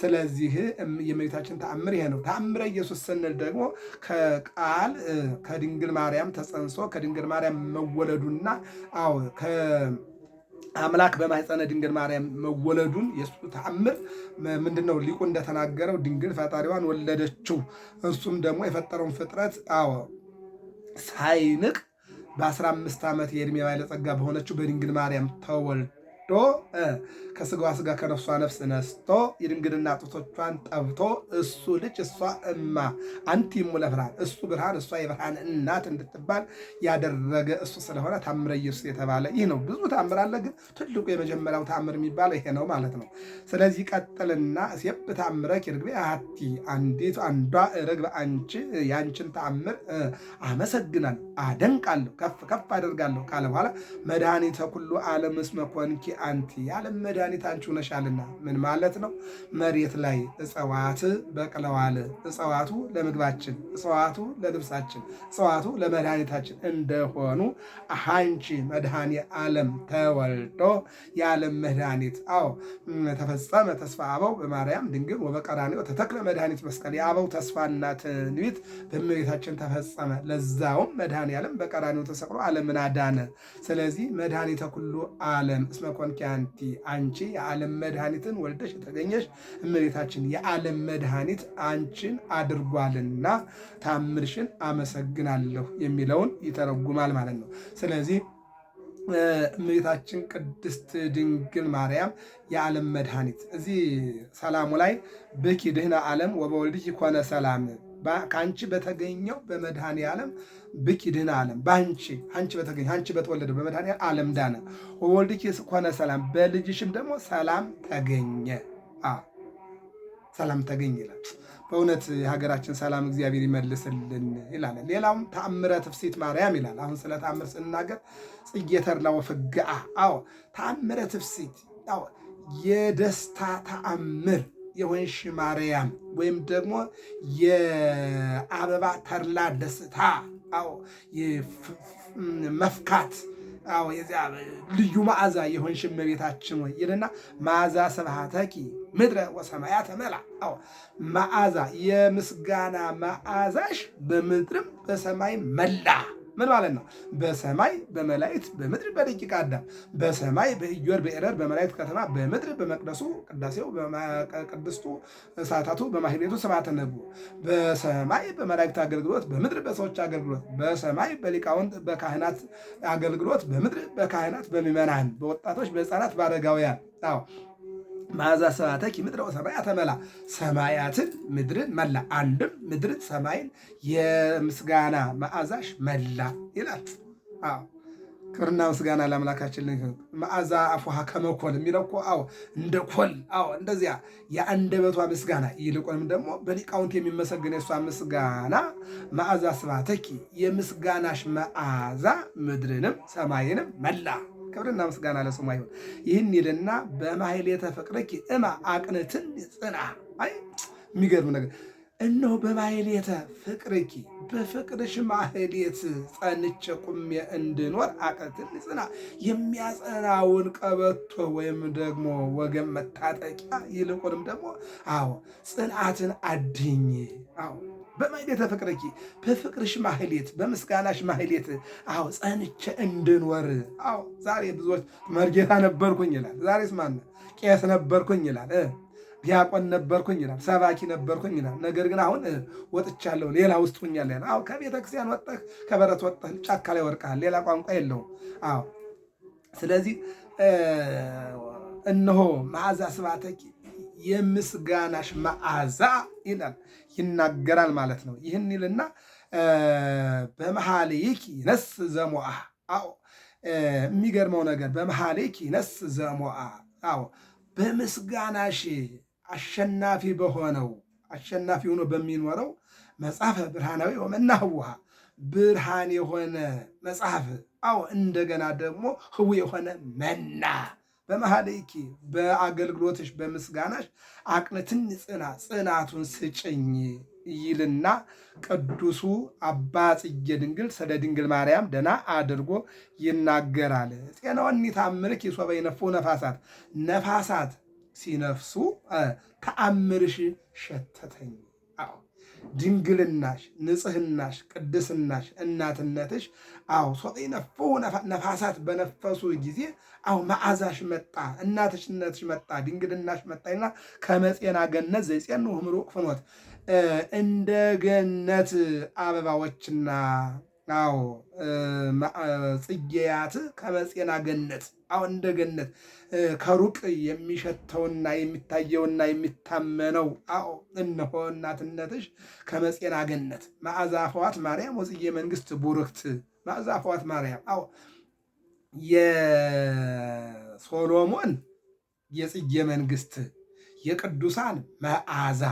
ስለዚህ የእመቤታችን ተአምር ይሄ ነው። ተአምረ ኢየሱስ ስንል ደግሞ ከቃል ከድንግል ማርያም ተጸንሶ ከድንግል ማርያም መወለዱና አዎ አምላክ በማህፀነ ድንግል ማርያም መወለዱን የእሱ ተአምር ምንድነው? ሊቁ እንደተናገረው ድንግል ፈጣሪዋን ወለደችው። እሱም ደግሞ የፈጠረውን ፍጥረት አዎ ሳይንቅ በ15 ዓመት የእድሜ ባለጸጋ በሆነችው በድንግል ማርያም ተወልድ ወስዶ ከስጋዋ ስጋ ከነፍሷ ነፍስ ነስቶ የድንግልና ጡቶቿን ጠብቶ እሱ ልጅ እሷ እማ አንቲ ሙለ ብርሃን እሱ ብርሃን እሷ የብርሃን እናት እንድትባል ያደረገ እሱ ስለሆነ ታምረ ኢየሱስ የተባለ ይህ ነው። ብዙ ታምር አለ፣ ግን ትልቁ የመጀመሪያው ታምር የሚባለው ይሄ ነው ማለት ነው። ስለዚህ ቀጥልና ሴብ ታምረ ኪርግቤ አሐቲ አንዲቱ አንዷ ርግብ አንቺ ያንቺን ተአምር አመሰግናል አደንቃለሁ፣ ከፍ ከፍ አደርጋለሁ ካለ በኋላ መድኃኒተ ኩሉ ዓለም እስመ ኮንኪ አንቲ የዓለም መድኃኒት አንቺ ነሻልና። ምን ማለት ነው? መሬት ላይ እጽዋት በቅለዋል። እጽዋቱ ለምግባችን፣ እጽዋቱ ለልብሳችን፣ እጽዋቱ ለመድኃኒታችን እንደሆኑ አንቺ መድኃኔ ዓለም ተወልዶ የዓለም መድኃኒት አዎ ተፈጸመ ተስፋ አበው በማርያም ድንግል ወበቀራንዮ ተተክለ መድኃኒት መስቀል የአበው ተስፋና ትንቢት በእመቤታችን ተፈጸመ። ለዛውም መድኃኔ ዓለም በቀራንዮ ተሰቅሎ ዓለምን አዳነ። ስለዚህ መድኃኒተ ኩሉ ዓለም እስመኮ ተፈጸምኪ አንቲ አንቺ የዓለም መድኃኒትን ወልደሽ የተገኘሽ እመቤታችን የዓለም መድኃኒት አንቺን አድርጓልና ታምርሽን አመሰግናለሁ የሚለውን ይተረጉማል ማለት ነው። ስለዚህ እመቤታችን ቅድስት ድንግል ማርያም የዓለም መድኃኒት እዚህ ሰላሙ ላይ ብኪ ድህነ ዓለም ወበወልድኪ ኮነ ሰላም ከአንቺ በተገኘው በመድኃኔ ዓለም ብኪ ድህነ ዓለም በአንቺ አንቺ በተገኘ አንቺ በተወለደ በመድኃኔ ዓለም ዳነ። ወወልድኪ ኮነ ሰላም፣ በልጅሽም ደግሞ ሰላም ተገኘ። ሰላም ተገኝ ይላል። በእውነት የሀገራችን ሰላም እግዚአብሔር ይመልስልን ይላል። ሌላውም ተአምረ ትፍሲት ማርያም ይላል። አሁን ስለ ተአምር ስንናገር ጽጌ ተድላ ወፍግአ። አዎ ተአምረ ትፍሲት የደስታ ተአምር የወንሽ ማርያም ወይም ደግሞ የአበባ ተርላ ደስታ አዎ መፍካት አዎ የዚያ ልዩ መዓዛ የሆንሽ እመቤታችን ወይ ይልና መዓዛ ስብሐተኪ ምድረ ወሰማያተ መልአ። አዎ መዓዛ የምስጋና መዓዛሽ በምድርም በሰማይ መላ ምን ማለት ነው? በሰማይ በመላእክት በምድር በደቂቀ አዳም በሰማይ በኢዮር በኤረር በመላእክት ከተማ በምድር በመቅደሱ ቅዳሴው በቅድስቱ ሰዓታቱ በማህሌቱ ስብሐተ ነግቦ በሰማይ በመላእክት አገልግሎት በምድር በሰዎች አገልግሎት በሰማይ በሊቃውንት በካህናት አገልግሎት በምድር በካህናት በምዕመናን በወጣቶች በህፃናት በአረጋውያን ማዛ ሰባተኪ ምድረ ሰማያተ መላ ሰማያትን ምድርን መላ አንድም ምድርን ሰማይን የምስጋና መዓዛሽ መላ ይላል። አዎ ክብርና ምስጋና ለአምላካችን። መዓዛ አፉሃ ከመኮል የሚለው እኮ አዎ፣ እንደ ኮል አዎ፣ እንደዚያ የአንደበቷ ምስጋና ይልቁንም ደግሞ በሊቃውንት የሚመሰግን የእሷ ምስጋና መዓዛ ስባተኪ የምስጋናሽ መዓዛ ምድርንም ሰማይንም መላ ክብርና ምስጋና ለስሙ ይሁን። ይህን ይልና በማሕሌተ ፍቅርኪ እማ አቅንትን ጽና። አይ የሚገርም ነገር እነሆ በማሕሌተ ፍቅርኪ በፍቅርሽ ማህሌት ጸንቼ ቁሜ እንድኖር አቅንትን ጽና። የሚያጸናውን ቀበቶ ወይም ደግሞ ወገን መታጠቂያ ይልቁንም ደግሞ አዎ ጽንዓትን አድኝ አዎ በማህሌተ ፍቅርኪ በፍቅርሽ ማህሌት በምስጋናሽ ማህሌት አዎ ጸንቼ እንድንወር። አዎ ዛሬ ብዙዎች መርጌታ ነበርኩኝ ይላል። ዛሬስ ማን ቄስ ነበርኩኝ ይላል፣ ዲያቆን ነበርኩኝ ይላል፣ ሰባኪ ነበርኩኝ ይላል። ነገር ግን አሁን ወጥቻለሁ፣ ሌላ ውስጥ ሁኛለሁ አዎ ከቤተ ክርስቲያን ወጥተህ ከበረት ወጥተህ ጫካ ላይ ወርቀሃል። ሌላ ቋንቋ የለውም። አዎ ስለዚህ እነሆ መዓዛ ስብሐተኪ የምስጋናሽ መዓዛ ይላል ይናገራል ማለት ነው። ይህን ይልና በመሐሌኪ ነስ ዘሞአ አዎ የሚገርመው ነገር በመሐሌኪ ነስ ዘሞአ አዎ በምስጋናሽ አሸናፊ በሆነው አሸናፊ ሆኖ በሚኖረው መጽሐፈ ብርሃናዊ ወመናህውሃ ብርሃን የሆነ መጽሐፍ አዎ እንደገና ደግሞ ህዊ የሆነ መና በመሐለይኪ በአገልግሎትሽ በምስጋናሽ አቅነትን ጽና ጽናቱን ስጭኝ ይልና ቅዱሱ አባ ጽጌ ድንግል ስለ ድንግል ማርያም ደና አድርጎ ይናገራል። ጤናውን ታምርክ ይሶበ ይነፉ ነፋሳት ነፋሳት ሲነፍሱ ተአምርሽ ሸተተኝ። አዎ ድንግልናሽ፣ ንጽህናሽ፣ ቅድስናሽ፣ እናትነትሽ አዎ ሶጢነፍሑ ነፋሳት በነፈሱ ጊዜ አዎ መዓዛሽ መጣ፣ እናትሽነትሽ መጣ፣ ድንግልናሽ መጣና ከመፄና ገነት ዘይፄኑ ምሩቅ ፍኖት እንደ ገነት አበባዎችና አዎ ጽጌያት ከመጼና ገነት አሁን እንደ ገነት ከሩቅ የሚሸተውና የሚታየውና የሚታመነው አዎ እነሆ እናትነትሽ ከመጼና ገነት ማዕዛ ፈዋት ማርያም ወጽጌ መንግስት ቡርክት ማዕዛ ፈዋት ማርያም አዎ የሶሎሞን የጽጌ መንግስት የቅዱሳን መዓዛ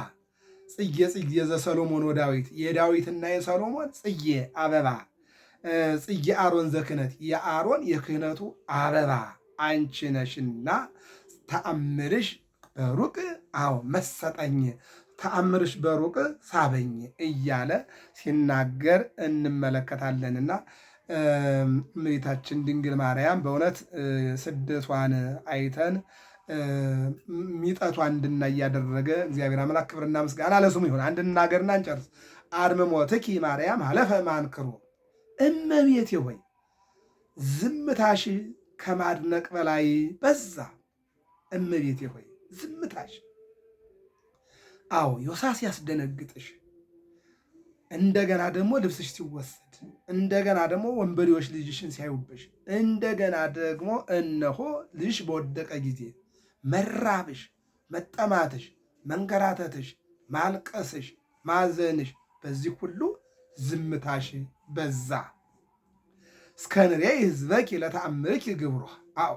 ጽጌ ጽጌ ዘሰሎሞን ወዳዊት የዳዊትና የሰሎሞን ጽጌ አበባ ጽጌ አሮን ዘክህነት የአሮን የክህነቱ አበባ አንቺ ነሽና ተአምርሽ በሩቅ አዎ መሰጠኝ ተአምርሽ በሩቅ ሳበኝ እያለ ሲናገር እንመለከታለንና እመቤታችን ድንግል ማርያም በእውነት ስደቷን አይተን ሚጠቷ አንድና እያደረገ እግዚአብሔር አምላክ ክብርና ምስጋና ለስሙ ይሁን። አንድ እናገርና እንጨርስ። ትኪ ማርያም አለፈ ማንክሮ እመቤቴ ሆይ ዝምታሽ ከማድነቅ በላይ በዛ። እመቤቴ ሆይ ዝምታሽ አዎ ዮሳስ ያስደነግጥሽ፣ እንደገና ደግሞ ልብስሽ ሲወሰድ፣ እንደገና ደግሞ ወንበዴዎች ልጅሽን ሲያዩብሽ፣ እንደገና ደግሞ እነሆ ልጅሽ በወደቀ ጊዜ መራብሽ፣ መጠማትሽ፣ መንገራተትሽ፣ ማልቀስሽ፣ ማዘንሽ በዚህ ሁሉ ዝምታሽ በዛ። እስከ ንሬ ህዝበኪ ለተአምርኪ ግብሮ አዎ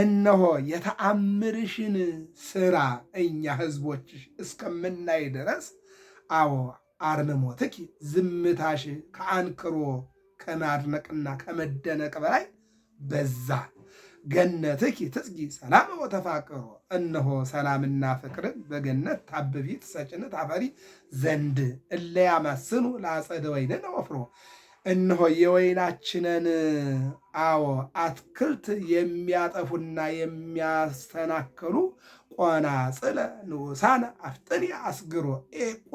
እነሆ የተአምርሽን ስራ እኛ ህዝቦችሽ እስከምናይ ድረስ አዎ አርምሞትኪ ዝምታሽ ከአንክሮ ከማድነቅና ከመደነቅ በላይ በዛ። ገነትኪ ትጽጊ ሰላም ወተፋቅሮ እነሆ ሰላምና ፍቅርን በገነት ታብቢት ሰጭነት አፈሪ ዘንድ እለያ ማስኑ ለአጸደ ወይን ወፍሮ እነሆ የወይናችንን አዎ አትክልት የሚያጠፉና የሚያስተናክሉ ቆናጽለ ንዑሳነ አፍጥኒ አስግሮ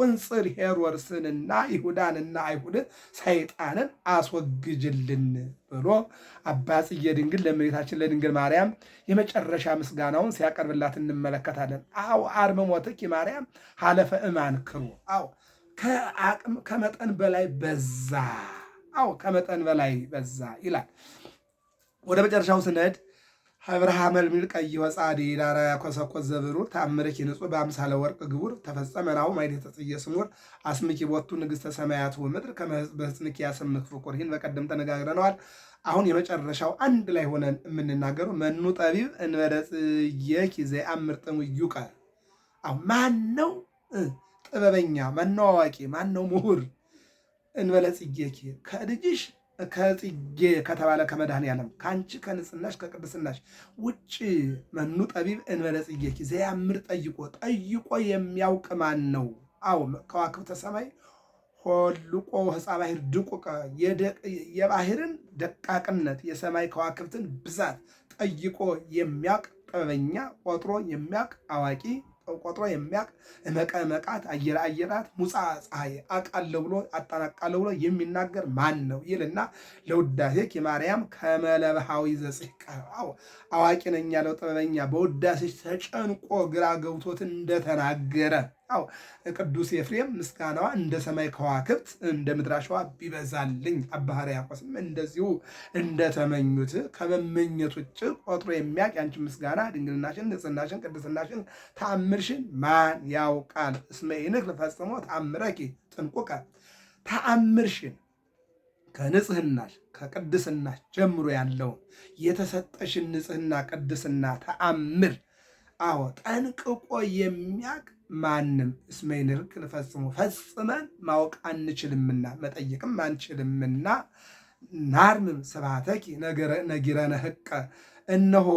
ቁንጽል ሄሮድስንና ይሁዳንና አይሁድን ሰይጣንን አስወግጅልን ብሎ አባ ጽጌ ድንግል ለእመቤታችን ለድንግል ማርያም የመጨረሻ ምስጋናውን ሲያቀርብላት እንመለከታለን። አው አርምሞትኪ ማርያም ሀለፈ እማን ክሩ አው ከአቅም ከመጠን በላይ በዛ አው ከመጠን በላይ በዛ ይላል። ወደ መጨረሻው ስንሄድ ሀብረ ሐመል ሚል ቀይ ወፃዲ ዳራ ያኮሰኮት ዘብሩር ተአምርኪ ንጹሕ በአምሳለ ወርቅ ግቡር ተፈጸመ ናሁ ማይድ የተጽየ ስሙር አስምኪ ቦቱ ንግሥተ ሰማያት ምድር በህፅንኪ ያሰምክ ፍቁር። ይህን በቀደም ተነጋግረነዋል። አሁን የመጨረሻው አንድ ላይ ሆነን የምንናገሩ መኑ ጠቢብ እንበለጽየኪ ዘየአምር ጥሙ ይዩቃል። አሁን ማን ነው ጥበበኛ? ማነው አዋቂ? ማን ነው ምሁር? እንበለጽየኪ ከልጅሽ ከጽጌ ከተባለ ከመድኃኔ ዓለም ከአንቺ ከንጽህናሽ ከቅድስናሽ ውጭ መኑ ጠቢብ እንበለ ጽጌኪ ዘያምር ጠይቆ ጠይቆ የሚያውቅ ማን ነው? አዎ ከዋክብተ ሰማይ ሆልቆ ህፃ ባህር ድቁቀ የባህርን ደቃቅነት የሰማይ ከዋክብትን ብዛት ጠይቆ የሚያውቅ ጥበበኛ ቆጥሮ የሚያውቅ አዋቂ ቆጥሮ የሚያቅ እመቀ መቃት አየር አየራት ሙፃ ፀሐይ አቃለ ብሎ አጣናቃለ ብሎ የሚናገር ማን ነው ይልና ለውዳሴኪ ማርያም ከመለብሃዊ ዘጽቃ አዋቂ ነኝ ያለው ጥበበኛ በውዳሴች ተጨንቆ ግራ ገብቶት እንደተናገረ አዎ ቅዱስ ኤፍሬም ምስጋናዋ እንደ ሰማይ ከዋክብት እንደ ምድር አሸዋ ቢበዛልኝ አባ ሕርያቆስም እንደዚሁ እንደተመኙት ከመመኘት ውጭ ቆጥሮ የሚያውቅ ያንቺ ምስጋና ድንግልናሽን፣ ንጽሕናሽን፣ ቅድስናሽን፣ ተአምርሽን ማን ያውቃል? እስመ ኢንክል ልፈጽሞ ተአምረኪ ጥንቁቀ ተአምርሽን ከንጽህናሽ ከቅድስናሽ ጀምሮ ያለውን የተሰጠሽን ንጽህና፣ ቅድስና፣ ተአምር አዎ ጠንቅቆ የሚያቅ ማንም እስመ ይንርክን ፈጽመን ማወቅ አንችልምና መጠየቅም አንችልምና ናርምም ስብሐተኪ ነጊረነ ህቀ እነሆ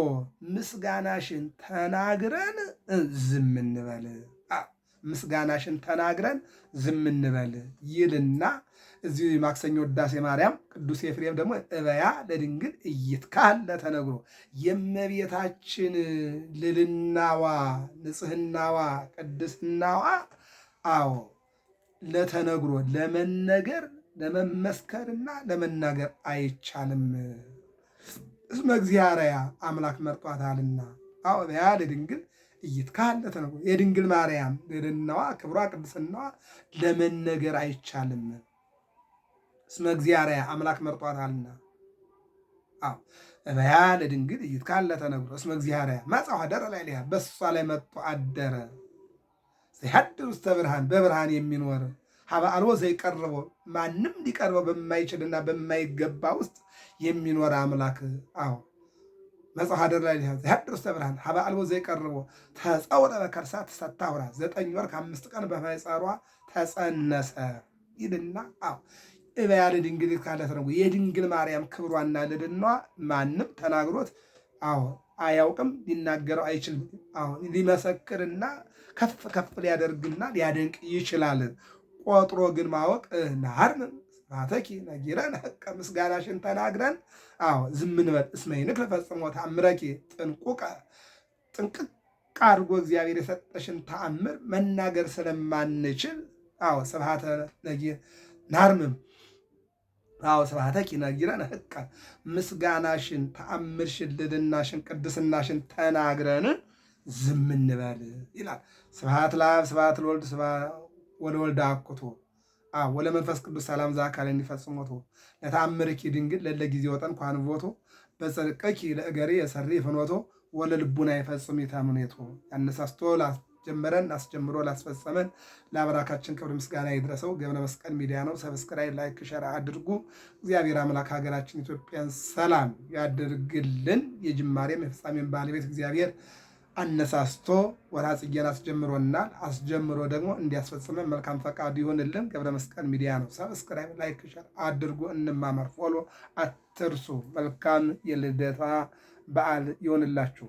ምስጋናሽን ተናግረን ዝም እንበል ምስጋናሽን ተናግረን ዝም እንበል ይልና እዚሁ ማክሰኞ ውዳሴ ማርያም ቅዱስ ኤፍሬም ደግሞ እበያ ለድንግል እይትካል ተነግሮ የእመቤታችን ልልናዋ ንጽህናዋ ቅድስናዋ አዎ ለተነግሮ ለመነገር ለመመስከርና ለመናገር አይቻልም። እስመ እግዚአርያ አምላክ መርጧታልና። አዎ እበያ ለድንግል እይትካል ለተነግሮ የድንግል ማርያም ልልናዋ ክብሯ ቅድስናዋ ለመነገር አይቻልም። እስመ እግዚአርያ አምላክ መርጧታልና። አዎ እበያ ለድንግል ኢትካለ ተነግሮ እስመ እግዚአርያ መጽአ ኀደረ ላዕሌሃ በሷ ላይ መጥቶ አደረ። ዘይሐድር ውስተ ብርሃን በብርሃን የሚኖር ሀበአልቦ ዘይቀርቦ ማንም ሊቀርበው በማይችልና በማይገባ ውስጥ የሚኖር አምላክ አዎ መጽሐፍ አደር ላይ ሊሆን ዘሐድር ውስተ ብርሃን ሀበ አልቦ ዘይቀርቦ ተጸውረ በከርሳ ተሰታውራ ዘጠኝ ወር ከአምስት ቀን በማይጸሯ ተጸነሰ ይልና አዎ እባያለ ድንግል ካለትረጉ የድንግል ማርያም ክብሯና ልዕልናዋ ማንም ተናግሮት አዎ አያውቅም፣ ሊናገረው አይችልም። አዎ ሊመሰክርና ከፍ ከፍ ሊያደርግና ሊያደንቅ ይችላል። ቆጥሮ ግን ማወቅ ናርም ማተኪ ነጊረን ሕቀ ምስጋናሽን ተናግረን አዎ ዝምንበል እስመይንክ ፈጽሞ ተአምረኪ ጥንቁቀ ጥንቅቅ አድርጎ እግዚአብሔር የሰጠሽን ተአምር መናገር ስለማንችል አዎ ስብሐተ ነጊር ናርምም አዎ ስብሐተ ኪነግረን ህቀ ምስጋናሽን ተአምርሽን ልዕልናሽን ቅድስናሽን ተናግረን ዝም እንበል ይላል። ስብሐት ለአብ ስብሐት ለወልድ ወለወልድ አብኩቶ ወለመንፈስ ቅዱስ ሰላም ዘአካለ እንዲፈጽሞቶ ለተአምርኪ ድንግል ለለ ጊዜ ወጠን ኳንቦቶ በጽድቅኪ ለእገሪ የሰሪ ፍኖቶ ወለልቡና ይፈጽም የታምኔቶ ያነሳስቶ ጀመረን አስጀምሮ ላስፈጸመን ለአምላካችን ክብር ምስጋና ይድረሰው። ገብረ መስቀል ሚዲያ ነው። ሰብስክራይብ፣ ላይክ፣ ሸር አድርጉ። እግዚአብሔር አምላክ ሀገራችን ኢትዮጵያን ሰላም ያድርግልን። የጅማሬም የፍጻሜን ባለቤት እግዚአብሔር አነሳስቶ ወርሃ ጽጌን አስጀምሮናል። አስጀምሮ ደግሞ እንዲያስፈጽመን መልካም ፈቃዱ ይሆንልን። ገብረ መስቀል ሚዲያ ነው። ሰብስክራይብ፣ ላይክ፣ ሸር አድርጉ። እንማመር ፎሎ አትርሱ። መልካም የልደታ በዓል ይሆንላችሁ።